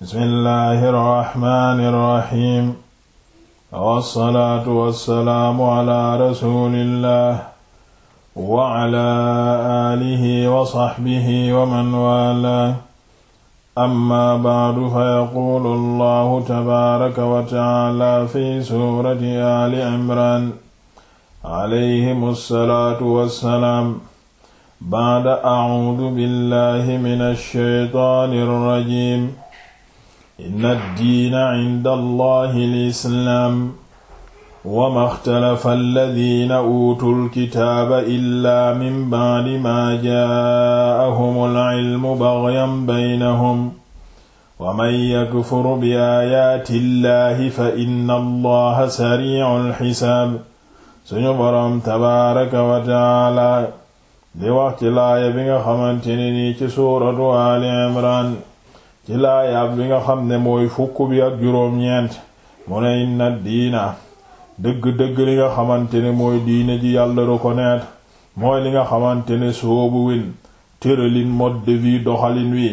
bismillahi rrahmani rrahim wassalaatu wassalaamu ala rasulillah wa ala alihi wa saxbihi wa man wala amma baadu fa yaquulu allahu tabaaraka wa taala fi suurati ali imran alayhim assalaatu wassalaam baada acuudu billahi min alshaytaani rrajim inna diina inda allahi lislaam wa ma xtalafa alladiina uutul kitaaba illaa min ba'di maa jaa'ahumul ilmu baghyan baynahum wa man yakfur bi aayaati llahi fa inna allaha sariicul xisaab suñu boroom tabaaraka wa taala di wax ci laaya bi nga xamante ne nii ci suuratu aali imraan ci laayaab bi nga xam ne mooy fukk bi ak juróom-ñeent mu ne inna diina dëgg-dëgg li nga xamante ne mooy diine ji yàlla reconnaître mooy li nga xamante ne soobu win tëralin mode doxalin wi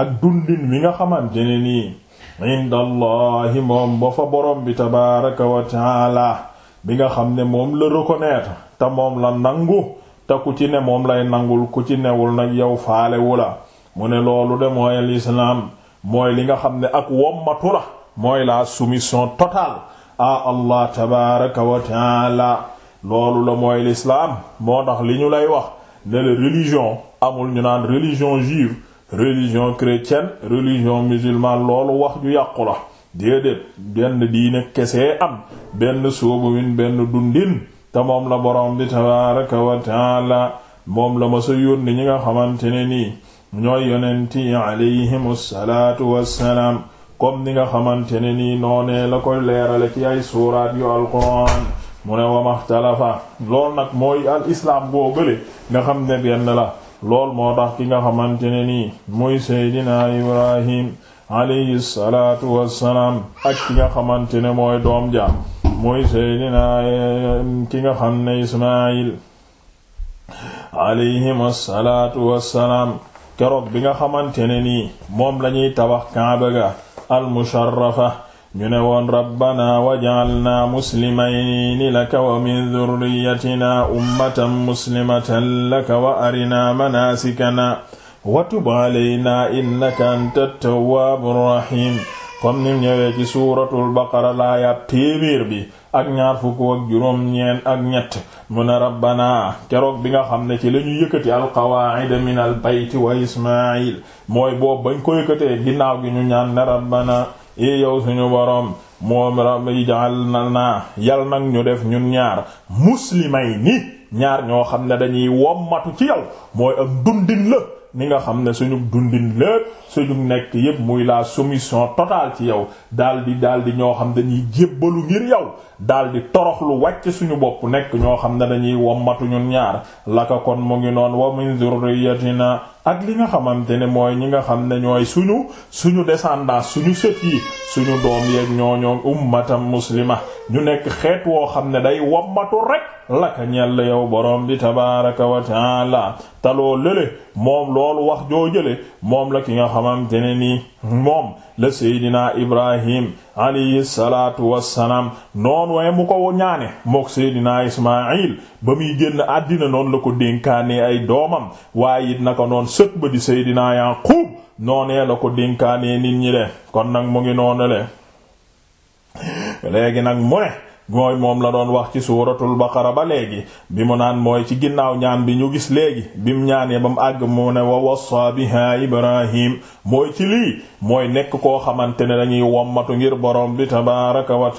ak dundin wi nga xamante nii inda moom ba fa borom bi tabaraka wa taala bi nga xam ne moom la reconnaître te moom la nangu te ku ci ne moom lay nangul ku ci newul nag yow faalewu la mu ne loolu de mooy al mooy li nga xam ne ak wommatu la mooy la soumission total à allah tabaraka wa taala loolu la mooy l'islaam moo tax li ñu lay wax ne la religion amul ñu naan religion juive religion chrétienne religion musulmane loolu wax ju yàqu la déedéet benn diine kese am benn soobuwin benn dundin te moom la borom bi tabaraka wa moom la ma sa yónni ñi nga xamante ne nii ñooy yonent yi alayhimu salaatu wassalaam comme ni nga xamante ne nii noonee la koy leerale ci ay suuraat yu alquran mu ne wa maxtalafa lool nag mooy al islaam nga xam ne benn la lool moo tax ki nga xamante ne nii muy seydina ibrahim alayhi salaatu wassalaam ak nga xamante ne mooy doom jaam muy seydina ki nga xam ne ismail alayhim assalaatu wassalaam keroog bi nga xamante ne nii moom lañuy tabax kaaba ga almusharrafa ñu ne woon rabbana waj'alna muslimayni laka wa min dhurriyyatina ummatan muslimatan laka wa arina manasikana wa tub alayna innaka antat tawwabur rahim comme nim ñëwee ci suuratul baqara laayaab téeméer bi ak ñaar fukk ak juróom ñeen ak ñett mu ne rabbana keroog bi nga xam ne ci la ñu yëkkati alqawaacida min al bayti wa ismail mooy boobu bañ ko yëkkatee ginnaaw gi ñu ñaan ne rabbana i e yow suñu boroom moom rabbi na naa yal nag ñu def ñun ñaar muslimay ni ñaar ñoo xam ne dañuy wommatu ci yow mooy ak dundin la ni nga xam ne suñu dundin lépp suñu nekk yépp muy la soumission totaal ci yow daal di daal di ñoo xam dañuy jébbalu ngir yow daal di toroxlu wàcc suñu bopp nekk ñoo xam ne dañuy wommatu ñun ñaar laka kon mu ngi noon wa min zurriyatina ak li nga xamante ne mooy ñi nga xam ne ñooy suñu suñu descendance suñu sët yi suñu doom yeeg ñooñoo ummatam muslima ñu nekk xeet woo xam ne day wommatu rek laka ñell yow borom di tabaraka wa taala taloo lële moom loolu wax joo moom la ki nga xam xamante ne nii moom la seydina ibrahim alayhi salaatu wassalaam noonu waaye mu ko ñaane mook seydina ismail ba muy génn àddina noonu la ko dénkaane ay doomam waaye it naka noon sët ba di seydina yaqub noonee la ko dénkaane nit ñi de kon nag mu ngi noonu le léegi nag mu ne mooy moom la doon wax ci suuratul baqara ba léegi bi mu naan mooy ci ginnaaw ñaan bi ñu gis léegi bi mu ñaanee ba mu àgg mu ne wa wassa biha ibrahim mooy ci lii mooy nekk koo xamante ne dañuy wommatu ngir borom bi tabaraka wa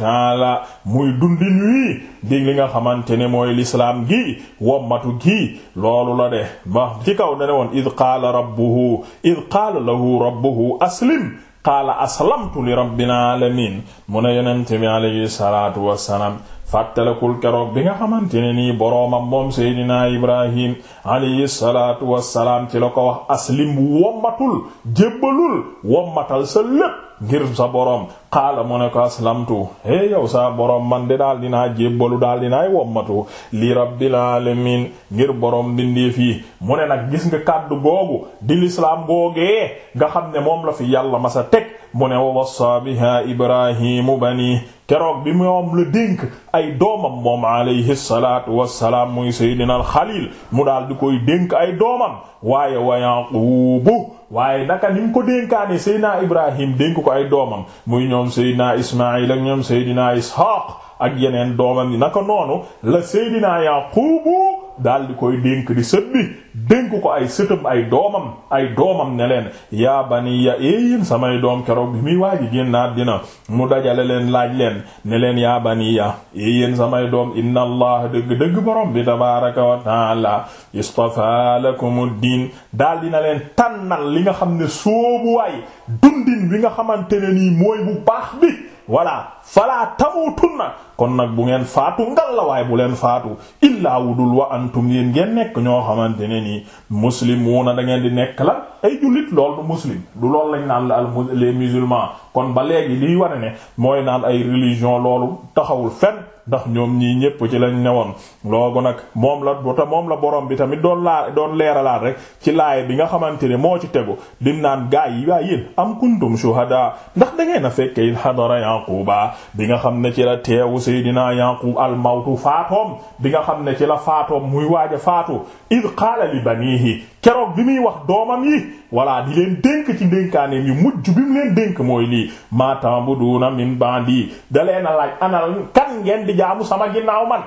muy dundin wii di li nga xamante ne mooy lislaam gi wommatu gi loolu la de ba ci kaw dane woon id qaala rabbuhu id qaala lahu rabbuhu aslim qaala aslamtu li rabbil alamin mu ne yonente bi alayhi salaatu wassalaam fàttalekul keroog bi nga xamante ne nii boroomam moom seydinaa ibrahim alayhi salaatu wassalaam ci la ko wax aslim wommatul jébbalul wommatal sa lépp ngir sa boroom qaala mu ne ko aslamtu hey yow saa borom man de daal dinaa jébbalu daal dinaay wommatu li rabbil alamin ngir borom bindee fi mu ne nag gis nga kàddu googu di lislaam googee nga xam ne moom la fi yàlla masa teg mu ne wa wassa biha ibrahimu bani keroog bi moom la dénk ay doomam moom alayhi salaatu wassalaam muy seydina al xalil mu daal di koy dénk ay doomam waaye wa yaqubu waaye naka ni mu ko dénkaane seydina ibrahim dénk ko ay doomam muy ñoom ñoom Seydina Ismaïl ak ñoom Seydina Ishaq ak yeneen doomam yi naka noonu la Seydina Yaqubu daal di koy dénk di sët bi dénk ko ay sëtam ay doomam ay doomam ne leen yaa bani ya eh, yéen samay doom keroog bi muy waaji naat dina mu dajale leen laaj leen ne leen yaa bani ya eh, yéen samay doom inna allah dëgg-dëgg borom bi tabaraka wa taala istafa lakum diin daal dina leen tànnal li nga xam ne soobuwaay dundin bi nga xamante ne nii mooy bu baax bi voilà fala na kon nag bu ngeen faatu ngal la waaye bu leen faatu illaa wudul wa antum yéen ngeen nekk ñoo xamante ne nii muslimuuna da ngeen di nekk la ay jullit lool du muslim du lool lañ naan la al les musulmans kon ba léegi liy wane ne mooy naan ay religion loolu taxawul fenn ndax ñoom ñii ñépp ci lañ newoon loogu nag moom la bota moom la borom bi tamit doon laa doon leeralaat rek ci laay bi nga xamante ne moo ci tegu dim naan gaa yi waay am kuntum shuhada ndax da a fekke il hadara yaquba bi nga xam ne ci la teewu seydina yaqub al mawtu faatoom bi nga xam ne ci la faatoom muy waaj a faatu id qaala li banihi keroog bi muy wax doomam yi walla di leen dénk ci dénkaaneem yu mujj bi mu leen dénk mooy lii ma ta'buduna min ba'di da leen a laaj anal kan ngeen di jaamu sama ginnaaw man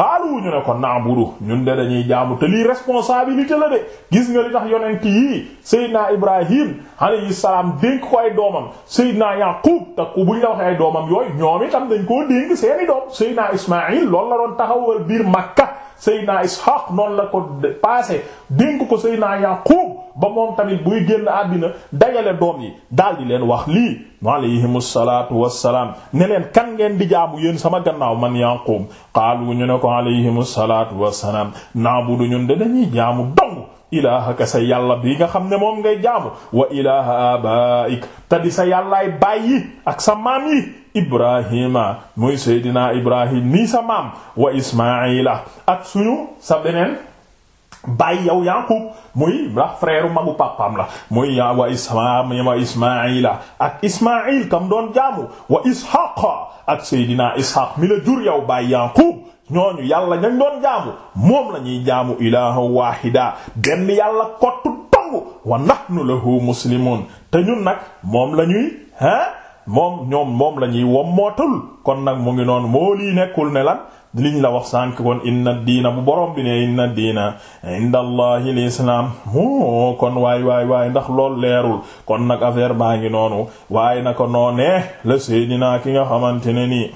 xaalu ñu ko ko na'budu ñun de dañuy jaamu te lii responsabilité la de gis nga li tax yonent yii Seydina Ibrahim alayhi salaam dénk ko ay doomam Seydina Yaqub te ku buñ la waxee ay doomam yooyu ñoom itam dañ koo dénk seeni doom Seydina Ismaïl loolu la doon taxawal biir Makka Seydina Ishaq noonu la ko passé dénk ko Seydina Yaqub ba moom tamit buy génn àddina dajale doom yi daal di leen wax lii alayhimu salaatu wassalaam ne leen kan ngeen di jaamu yéen sama gannaaw man Yaqub qaalu ñu ne ko alayhimu salaatu wassalaam na'budu ñun de dañuy jaamu dong ilaahaka sa yàlla bi nga xam ne moom ngay jaamu wa ilaaha abaik te di sa yàllaay bàyyi ak sa maam yi ibrahima muy seydinaa ibrahim nii sa maam wa ismaila ak suñu sa beneen bàyyi yow Yaqub muy ndax frère magu papam la muy ya wa ak ismail kam doon jaamu wa ishaqa ak seydinaa ishaq mi la jur yow bàyyi Yaqub ñooñu yàlla ñañ doon jaamu moom la ñuy jaamu ilaha wahida benn yàlla kottu dong wa nahnu lahu muslimun te ñun nag moom la ñuy ah moom ñoom moom la ñuy wommootul kon nag mu ngi noonu moo lii nekkul ne la liñ la wax sànk kon inna diina bu boroom bi ne inna diina inda allahi lislaam moo kon waay waay waay ndax lool leerul kon nag affaire baa ngi noonu waaye na ko noonee la seydinaa ki nga xamante ne nii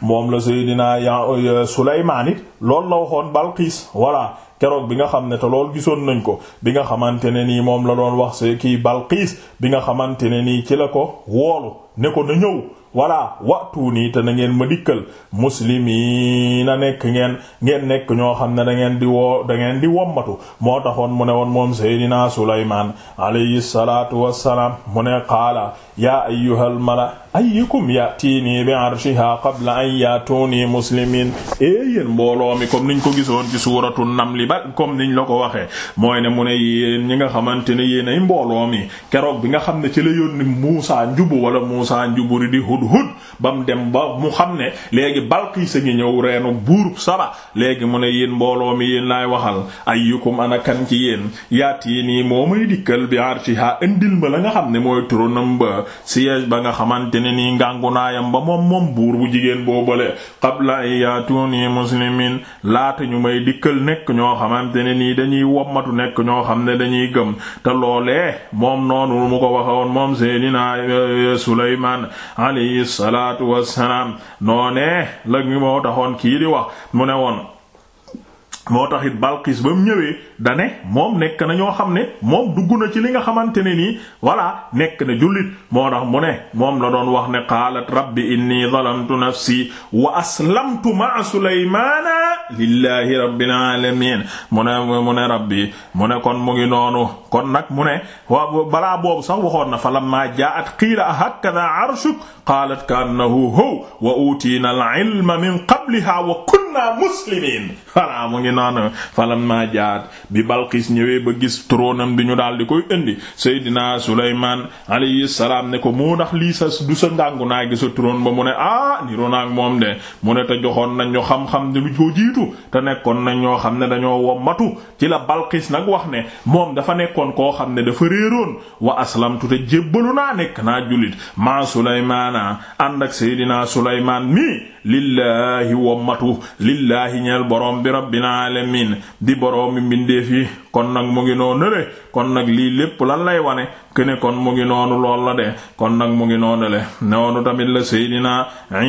moom la Seydina ya euh, Sulaymaan it loolu la waxoon Balqiis voilà keroog bi nga xam ne te lool gisoon nañ ko bi nga xamante ne nii moom la doon wax see kii Balqiis bi nga xamante ne nii ci la ko woolu ne ko na ñëw walla waxtu nii te na ngeen ma dikkal muslimiina nekk ngeen ngeen nekk ñoo xam ne da ngeen di woo da ngeen di wommatu moo taxoon mu ne woon moom seydinaa Sulaymaan alayhi salaatu wassalaam mu ne qaala yaa ayyuhal mala ayyukum yatiini bi arshiha qabla an yatuni muslimin ee yéen mbooloo mi comme niñ ko gisoon ci suuratu namli ba comme niñ la ko waxee mooy ne mu ne yéen ñi nga xamante ne yéen ay mbooloo mi keroog bi nga xam ne ci la yónni Muusaa njubu wala Muusaa njubu di hudhud ba mu dem ba mu xam ne léegi Balqiis a ngi ñëw reenu buurub Saba léegi mu ne yéen mbooloo mi yéen laay waxal ayyukum ana kan ci yéen yaati nii moo may dikkal bi arshiha indil ma la nga xam ne mooy turonam ba siège ba nga xamante ne nii ngàngunaayam ba moom moom buur bu jigéen boobale qabla an yaatuni muslimin laata ñu may dikkal nekk ñoo xamante ne nii dañuy wommatu nekk ñoo xam ne dañuy gëm te loolee moom noonu mu ko waxoon moom Seydina Sulaymaan wa wassalaam noonee la ngi moo taxoon kii di wax mu ne woon moo tax it Balqis ba mu ñëwee da moom nekk na ñoo xam ne moom dugg na ci li nga xamante ne nii voilà nekk na jullit moo tax mu ne moom la doon wax ne qaalat rabbi inni zalamtu nafsi wa aslamtu ma'a sulaymana lillahi rabbil alamin mu ne mu ne rabbi mu ne kon mu ngi noonu kon nag mu ne waaw balaa boobu sax waxoon na fa lamma jaat qiila ahakada arshuk qaalat kaannahu hu wa utiina al min qabliha wa kunna muslimin naan falamma jaat bi Balqis ñëwee ba gis tróonam bi ñu daal di koy indi Seydina Sulaymaan alayhi salaam ne ko moo ndax lii sa du sa ngàngu naa gi sa trône ba mu ne ah niroo moom de mu ne te joxoon nañ ñu xam-xam di lu ko jiitu te nekkoon nañ ñoo xam ne dañoo wommatu ci la Balqis nag wax ne moom dafa nekkoon koo xam ne dafa réeroon wa aslamtu te jébbalu naa nekk naa julit maa Sulaymaana ànd ak Seydina Sulaymaan mi lillaahi wommatu lillaahi ñeel alamin di boroomi mbindeef yi kon nag mu ngi noonu le kon nag lii lépp lan lay wane kene kon mu ngi noonu lool la de kon nag mu ngi noonu le noonu tamit la seydina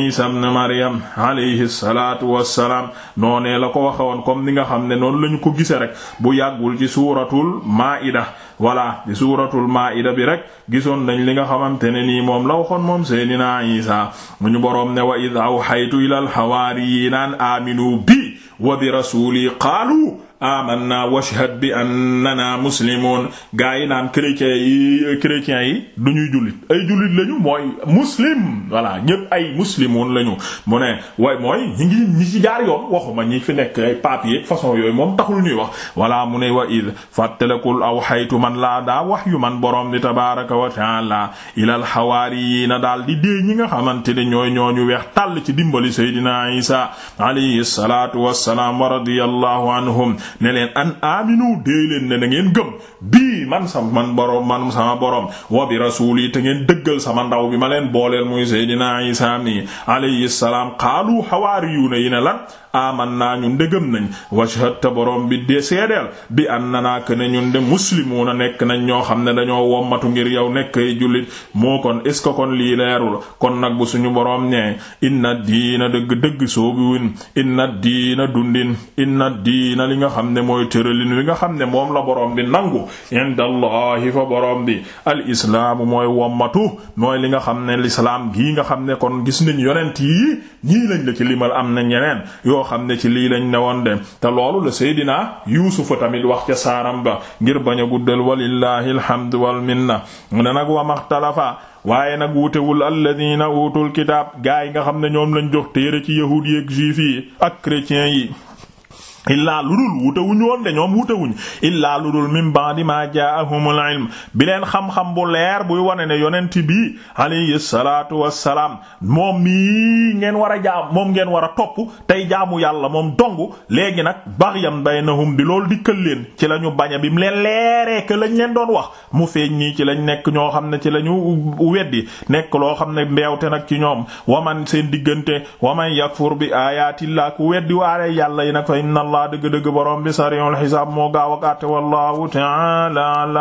isa ibn maryam alayhi salaatu wassalaam noonee la ko waxe woon comme ni nga xam ne noonu lañu ko gise rek bu yàggul ci suuratul maa'ida voilà di suuratul maa'ida bi rek gisoon nañ li nga xamante ne nii moom la waxoon moom seydina isa mu ñu boroom ne wa id awhaytu ilal hawaariyiin an aaminu bi wa bi rasuuli qaalu amanna washhad bi annana muslimun gaa yi naan chrétiens yi chrétiens yi du ñuy jullit ay jullit lañu mooy muslim voilà ñépp ay muslimun lañu mu ne way mooy ñi ngi ñi ci jaar yoon waxuma ñi fi nekk ay papier façon yooyu moom taxul ñuy wax walaa mu ne wa id fattalekul aw xaytu man laa daa wax yu man borom di tabaraka wa taala ilal xawaariyiina daal di dee ñi nga xamante ne ñooy ñu weex tàll ci dimbali seydina isa alayhi salatu wassalam wa radiyallahu anhum ne leen an aminu déy leen ne na ngeen gëm bii man sama man borom man sama borom wa bi rasuul yi te ngeen dëggal sama ndaw bi ma leen booleel muy seydinaa Isaa mi alayhi salaam xaalu xawaari yu ne yi ne lan aman naa ñun de gëm nañ washhad ta borom bi de seedeel bi an na naa ne ñun de muslimuuna nekk nañ ñoo xam ne dañoo wommatu ngir yow nekk ay jullit moo kon est ce que kon lii leerul kon nag bu suñu borom ñee inna diina dëgg dëgg soobiwin inna diina dundin inna diina li nga xam ne mooy tëralin li nga xam ne moom la borom bi nangu indallahi fa borom bi al islaamu mooy wommatu mooy li nga xam ne lislaam gi nga xam ne kon gis nañ yonent yi ñii lañ la ci limal am na ñeneen yoo xam ne ci lii lañ newoon de te loolu la Seydina Yuusufa tamit wax ca saaram ba ngir bañ a guddal walillahi alhamdu wal minna mu ne nag wa maxtalafa waaye nag wutewul alladina utul kitaab gaa yi nga xam ne ñoom lañ jox téere ci yahuud yi ak juif yi illaa lu dul wute wuñ woon de ñoom wute wuñ illaa lu dul min ba'di maa jaa'ahumul ilm bi leen xam-xam bu leer buy wane ne yonent bi alayhi salaatu wassalaam moom mii ngeen war a jaam moom ngeen war a topp tey jaamu yàlla moom dong léegi nag yam baxyam baynahum bi loolu kël leen ci la ñu bañ bi mu leen leeree que lañ leen doon wax mu feeñ nii ci lañ nekk ñoo xam ne ci la ñu weddi nekk loo xam ne mbeewte nag ci ñoom waman seen diggante waman yakfur bi aayaatillaa ku weddi waare yàlla yi nag allah dëgg-dëgg borom bi sariul xisaab moo gaaw a gàtte wallahu ta'ala